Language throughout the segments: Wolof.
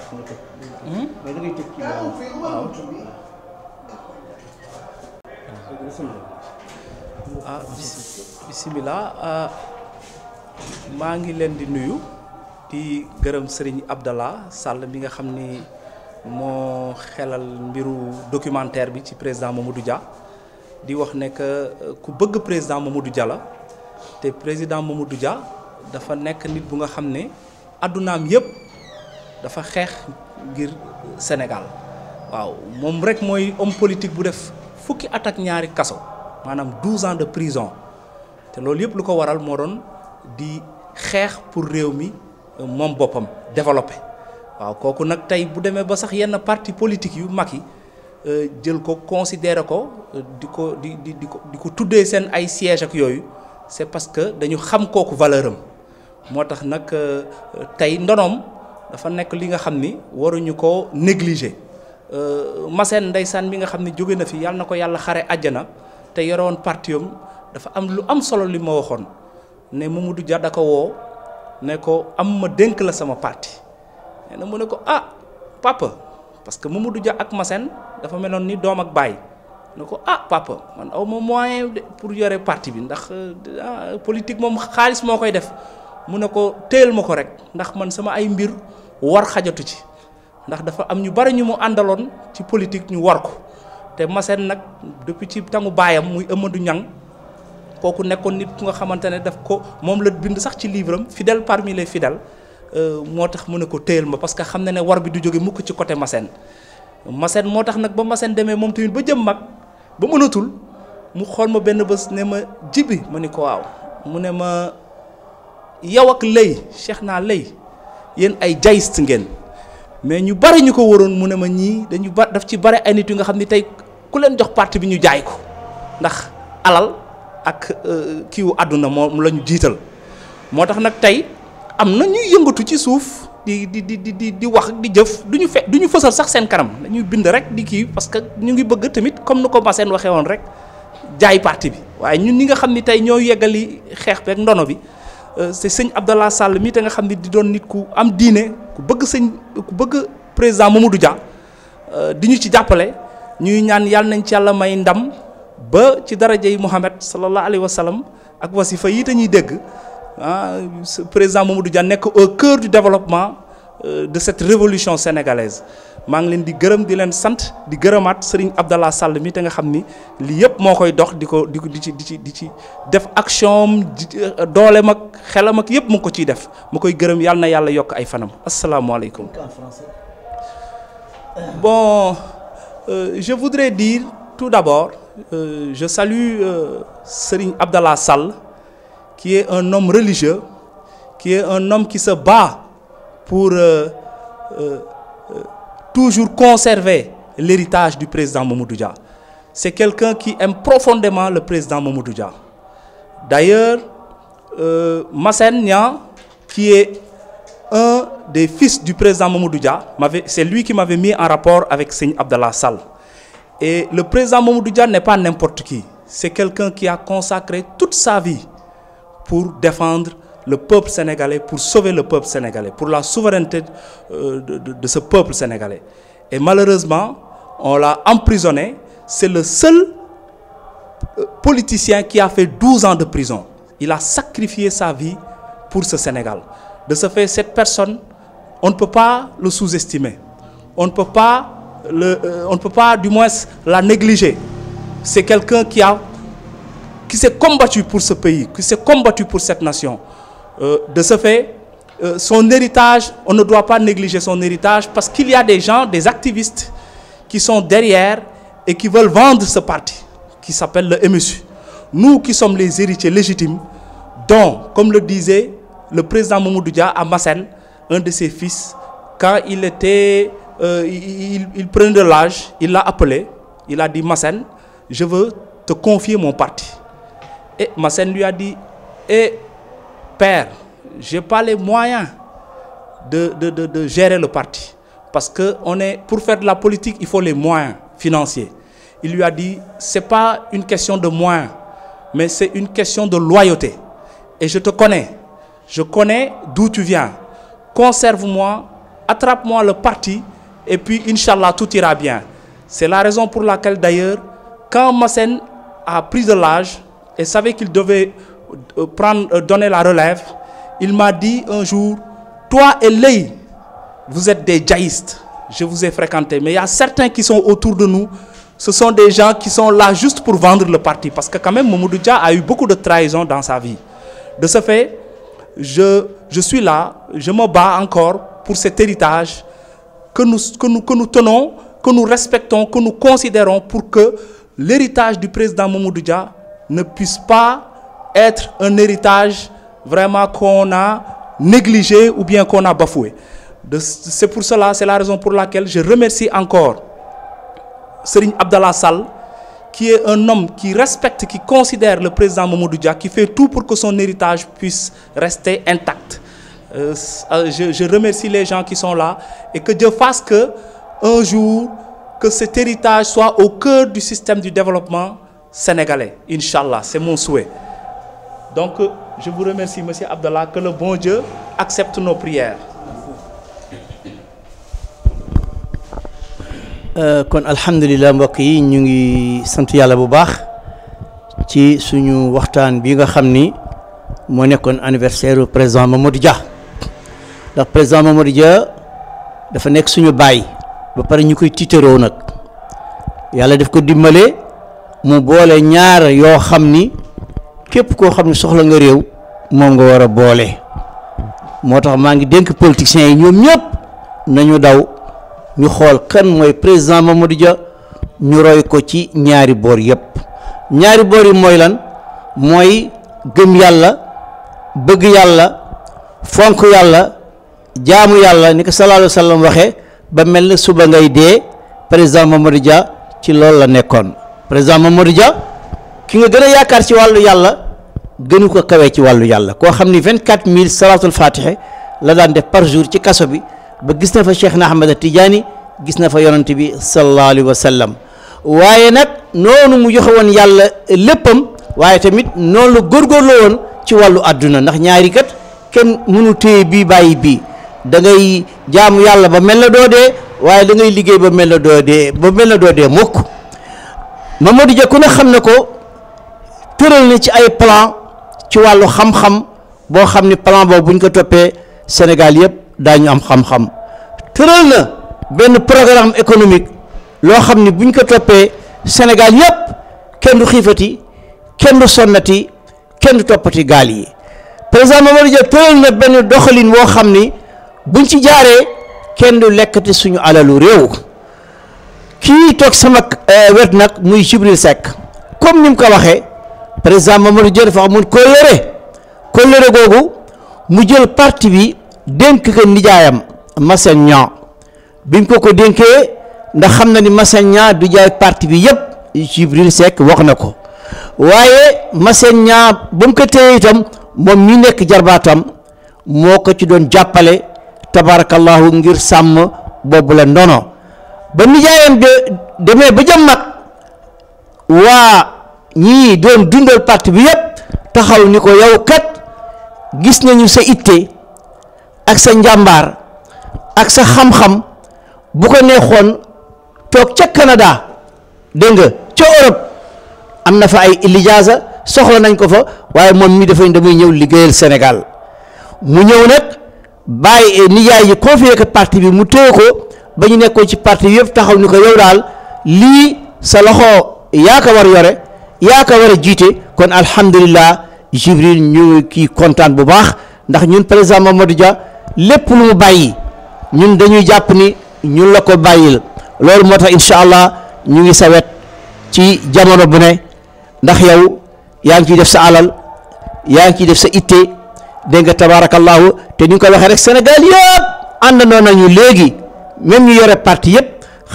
carte hmm? ah. ah, ah, maa ngi leen di nuyu di gërëm Serigne Abdallah sàll bi nga xam ni moo xelal mbiru documentaire bi ci président Mamadou Dia di wax ne que euh, ku bëgg président Mamadou Dia la te président Mamadou Dia dafa nekk nit bu nga xam ne addunaam yépp dafa xex ngir Sénégal waaw moom rek mooy homme politique bu def fukki at ak ñaari kaso maanaam 12 ans de prison te loolu yépp lu ko waral moo doon di xeex pour réew mi moom boppam développé waaw kooku nag tey bu demee ba sax yenn parti politique yu mag yi euh, jël ko considéré ko euh, di ko di di di ko di ko tuddee seen ay siège ak yooyu c'est parce que dañu xam kooku valeur am moo tax nag euh, tey ndonoom dafa nek li nga xamni ni waruñu ko négliger euh, Massène ndaysan mi nga xamni joge na fi yalla nako yalla xare aljana te yoron partium dafa am lu am solo li ma waxon ne Mamadou duja da ko wo ne ko am ma denk la sama parti ne na mu ne ko ah papa parce que duja ja ak masen dafa melon ni dom ak bay ne ko ah papa man aw mo moyen pour yoré parti bi ndax euh, ah, politique mom xaliss mo koy def mu ne ko teyel ma ko rek ndax man sama ay mbir war xajatu ci ndax dafa am ñu bari ñu mu àndaloon ci politique ñu war ko te Massène nag depuis ci tangu bayam muy Amadou ñang kooku nekkoon nit ku nga xamante ne daf ko moom la bind sax ci livre am fidèle parmi les fidèles euh, moo tax mu ne ko téyel ma parce que xam ne war bi du jóge mukk ci côté Massène Massène moo tax nag ba Massène demee moom tamit ba jëm mag ba mënatul mu xool ma benn bés ne ma jibi ma ni ko waaw mu ne ma yow ak lay cheikh na lay yen ay jayist ngeen mais ñu bari ñu ko waroon mu ne ma ñii dañu ba daf ci bari ay nit nga ku leen jox parti bi ñu jaay ko ndax alal ak euh, kiu àdduna moom la ñu jiital moo tax nag tey am na ñuy yëngatu ci suuf di di di di di wax di jëf duñu fe duñu fosal sax seen karam, dañuy bind rek di ki parce que ñu ngi bëgg tamit comme nu ko Massène waxee woon rek jaay parti bi waaye ñun ñi nga xam ni ndono bi Euh, c'est Seigne Abdallah Sall mi te nga di doon nit ku am diiné ku bëgg sëñ ku bëgg président Mamadou Dia euh diñu ci jappalé ñuy ñaan Yalla nañ ci Yalla may ndam ba ci yi sallallahu alayhi wa sallam ak wasifa yi tañuy dégg ah président Mamadou Dia nek au cœur du développement euh, de cette révolution sénégalaise maa leen di gërëm di leen sant di gërëmaat Serigne Abdallah Sall mi te nga xam ni lii yëpp koy dox di ko di ko di ci di ci di ci def action am euh, dooleem ak xelam ak yëpp mu ko ciy def mu koy gërëm yàlla na yàlla yok ay fanam asalaamaaleykum. bon euh, je voudrais dire tout d'abord euh, je salue euh, Serigne Abdallah Sall qui est un homme religieux qui est un homme qui se bat pour toujours conservé l'héritage du président Mamoudou C'est quelqu'un qui aime profondément le président Mamoudou D'ailleurs, euh, Nya, qui est un des fils du président Mamoudou c'est lui qui m'avait mis en rapport avec Seigne Abdallah Sall. Et le président Mamoudou n'est pas n'importe qui. C'est quelqu'un qui a consacré toute sa vie pour défendre le peuple sénégalais, pour sauver le peuple sénégalais, pour la souveraineté euh, de, ce peuple sénégalais. Et malheureusement, on l'a emprisonné. C'est le seul euh, politicien qui a fait 12 ans de prison. Il a sacrifié sa vie pour ce Sénégal. De ce fait, cette personne, on ne peut pas le sous-estimer. On ne peut pas, le, euh, on ne peut pas du moins la négliger. C'est quelqu'un qui a qui s'est combattu pour ce pays, qui s'est combattu pour cette nation. Euh, de ce fait, euh, son héritage, on ne doit pas négliger son héritage parce qu'il y a des gens, des activistes qui sont derrière et qui veulent vendre ce parti qui s'appelle le MSU. Nous qui sommes les héritiers légitimes, dont, comme le disait le président Mamoudou Dia à Massen, un de ses fils, quand il était, euh, il, il, prenait de l'âge, il l'a appelé, il a dit Massen, je veux te confier mon parti. Et Massen lui a dit, et eh, père, je n'ai pas les moyens de, gérer le parti. Parce que on est, pour faire de la politique, il faut les moyens financiers. Il lui a dit, ce n'est pas une question de moyens, mais c'est une question de loyauté. Et je te connais. Je connais d'où tu viens. Conserve-moi, attrape-moi le parti, et puis, Inch'Allah, tout ira bien. C'est la raison pour laquelle, d'ailleurs, quand Massen a pris de l'âge et savait qu'il devait euh, euh, donner la relève, il m'a dit un jour, toi et lui, vous êtes des jaïstes. Je vous ai fréquenté. Mais il y a certains qui sont autour de nous. Ce sont des gens qui sont là juste pour vendre le parti. Parce que quand même, Mamoudou a eu beaucoup de trahison dans sa vie. De ce fait, je, je suis là, je me bats encore pour cet héritage que nous, que nous, tenons, que nous respectons, que nous considérons pour que l'héritage du président Mamoudou ne puisse pas être un héritage vraiment qu'on a négligé ou bien qu'on a bafoué. C'est pour cela, c'est la raison pour laquelle je remercie encore Serigne Abdallah Sall, qui est un homme qui respecte, qui considère le président Mamoudou qui fait tout pour que son héritage puisse rester intact. Euh, euh, je, remercie les gens qui sont là et que Dieu fasse que un jour que cet héritage soit au cœur du système du développement sénégalais. Inch'Allah, c'est mon souhait. Donc, euh, je vous remercie, Monsieur Abdallah, que le bon Dieu accepte nos prières. Euh, kon alhamdulilah mbokk ñu ngi sant yalla bu baax ci suñu waxtaan bi nga xamni mo nekkon nekkoon anniversaire président Mamadou Dia ndax président Mamadou Dia dafa nekk suñu baay ba pare ñu koy nak yalla daf ko dimbalé mu bolé ñaar yo xamni képp koo xam ni soxla nga réew moom nga war a boole moo tax maa ngi dénk politiciens yi ñoom ñëpp nañu daw ñu xool kan mooy président Mamadou Dia ñu roy ko ci ñaari boor yëpp ñaari boor yi mooy lan mooy gëm yàlla bëgg yàlla fonk yàlla jaamu yàlla ni ko sallallahu alayhi wa waxee ba mel ne suba ngay dee président Mamadou Dia ci loolu la nekkoon président Mamadou ki nga gën a yaakaar ci wàllu yàlla gënu ko kawee ci wàllu yàlla koo xam ni vingt quatre mille salaatul fatiha la daan def par jour ci kaso bi ba gis na fa cheikh na ahmad tijaani gis na fa yonent bi sallallahu alayhi wa sallam waaye nag noonu mu joxe woon yàlla léppam waaye tamit noonu la góorgóorloo woon ci wàllu àdduna ndax ñaari kat kenn mënu téye bii bàyyi bii da ngay jaamu yàlla ba mel na doo dee waaye da ngay liggéey ba mel na doo dee ba mel na doo dee mukk Mamadou Dia ku ne xam na ko tëral na ci ay plan ci wàllu xam-xam boo xam ni plan boobu buñ ko toppee Sénégal yëpp daañu am xam-xam tëral na benn programme économique loo xam ni buñ ko toppee Sénégal yëpp kenn du xiifati kenn du sonnati kenn du toppati gaal yi président Mamadou Dia tëral na benn doxalin woo xam ni buñ ci jaaree kenn du lekkati suñu alalu réew kii toog sama euh, wet nag muy Jibril Seck comme ni mu ko waxee. président Mamadou Dia dafa amoon kóllëre kóllëre googu mu jël parti bi dénk ko nijaayam Massène Niang biñ ko ko dénkee ndax xam na ni masin Niang du jaay parti bi yépp Jibril Seck wax na ko waaye Massène Niang ba mu ko téye itam moom mi nekk jarbaatam moo ko ci doon jàppale tabarakallahu ngir sàmm boobu la ndono ba nijaayam de demee ba jëm mag waa ñii doon dundal parti bi yépp taxaw ni ko yow kat gis nañu sa itte ak sa njàmbaar ak sa xam-xam bu ko neexoon toog ca Canada dégg nga ca Europe am na fa ay lijaasa soxla nañ ko fa waaye moom mi dafay damay ñëw liggéeyal senegal mu ñëw nag bàyyi eh, nijaay yi confié ko parti bi mu téye ko ba ñu nekkoon ci parti bi yëpp taxaw ni ko yow daal lii sa loxo yaa ko war yore yaa ko war a jiite kon alhamdulilah Jibril ñu kii kontaan bu baax ndax ñun président Mamadou Dia lépp lu mu bàyyi ñun dañuy jàpp ni ñun la ko bàyyil loolu moo tax incha allah ñu ngi sa wet ci jamono bu ne ndax yow yaa ngi ciy def sa alal yaa ngi ciy def sa itte dégg nga tabaarakallaahu te ni nga ko waxee rek Sénégal yëpp àndandoo nañu léegi même ñu yore parti yëpp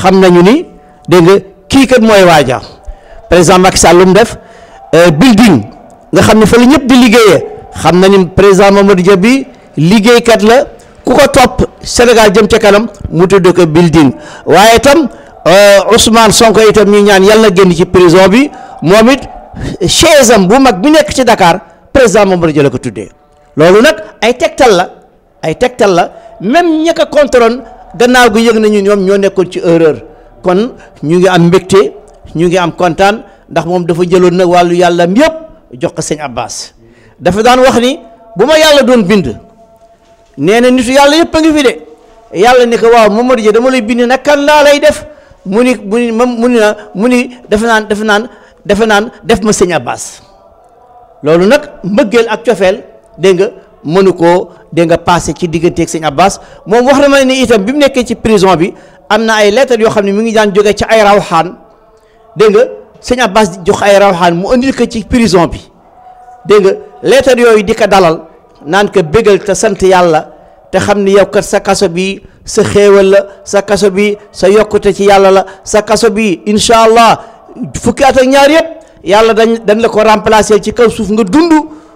xam nañu ni dégg nga kii kat mooy waaja président Macky Sall lu mu def euh, building nga xam ne fa la ñëpp di liggéeyee xam nañu président Mamadou Dia bi liggéeykat la ku ko topp Sénégal jëm ca kanam mu tudd ko building waaye itam euh, Ousmane Sonko itam ñuy ñaan yàlla na génn ci prison bi moom it chaise am bu mag bi nekk ci Dakar président Mamadou Dia la ko tuddee loolu nag ay tegtal la ay tegtal la même ña ko contrôle gannaaw gu yëg nañu ñoom ñoo nekkoon ci erreur kon ñu ngi am mbégte. ñu ngi am kontaan ndax moom dafa jëloon nag wàllu yàlla yépp jox ko sëñ abbas dafa daan wax ni bu ma yàlla doon bind nee na nitu yàlla yépp a ngi fi de yàlla ni ko waaw momadou je dama lay bind nag kan laa lay def mu ni mu ni mu ni dafa naan dafa naan dafa naan def ma sëñ abbas loolu nag mbëggeel ak cofeel dégg nga mënu koo dégg nga passé ci ak sëñ abbas moom wax na ma ni itam bi mu nekkee ci prison bi am ay lettre yoo xam mi ngi daan jóge ci ay dégg nga sëñ Abbas jox ay rawaxaan mu andil ko ci prison bi dégg nga leetar yooyu di ko dalal naan ko bégal te sant yàlla te xam ni yow kat sa kaso bi sa xéewal la sa kaso bi sa yokkute ci yàlla la sa kaso bi incha allah fukki at ak ñaar yëpp yàlla dañ dañ la ko remplacer ci kaw suuf nga dund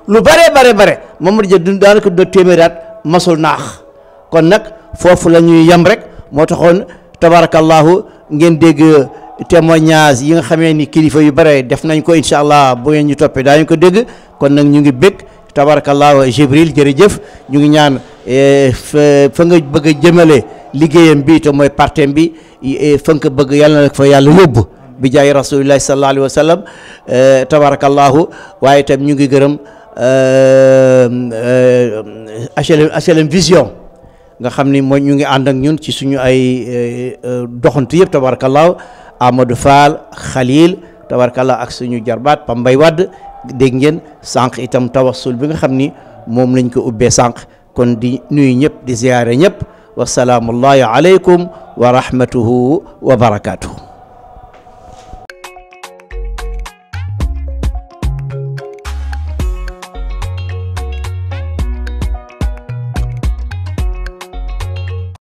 lu bare bare bare Mamadou Dia dund daanaka doo téeméeri at masul naax kon nag foofu la ñuy yem rek moo taxoon tabarakallahu ngeen dégg témoignage yi nga xamee ni kilifa yu bare def nañ ko incha allah bu ngeen ñu toppee daañu ko dégg kon nag ñu ngi bëgg tabarakallah jibril jëf ñu ngi ñaan e, fa nga bëgg a jëmale liggéeyam bi te mooy partem bi e, fa nga bëgg yàlla na fa yàlla yóbbu bi jaay rasulillahi sallallahu alayhi wa sallam e, tabarakallahu waaye itam ñu ngi gërëm HLM HLM vision nga xam ni mooy ñu ngi ànd ak ñun ci suñu ay doxantu yëpp tabarakallahu Amadou Fall Khalil tabarkalla ak suñu jarbaat Pambay Wadd dégg ngeen sànq itam tawassul bi nga xam ni moom lañ ko ubbee sànq kon di nuyu ñëpp di ziyaare ñëpp wasalaamullahi aleykum wa rahmatuhu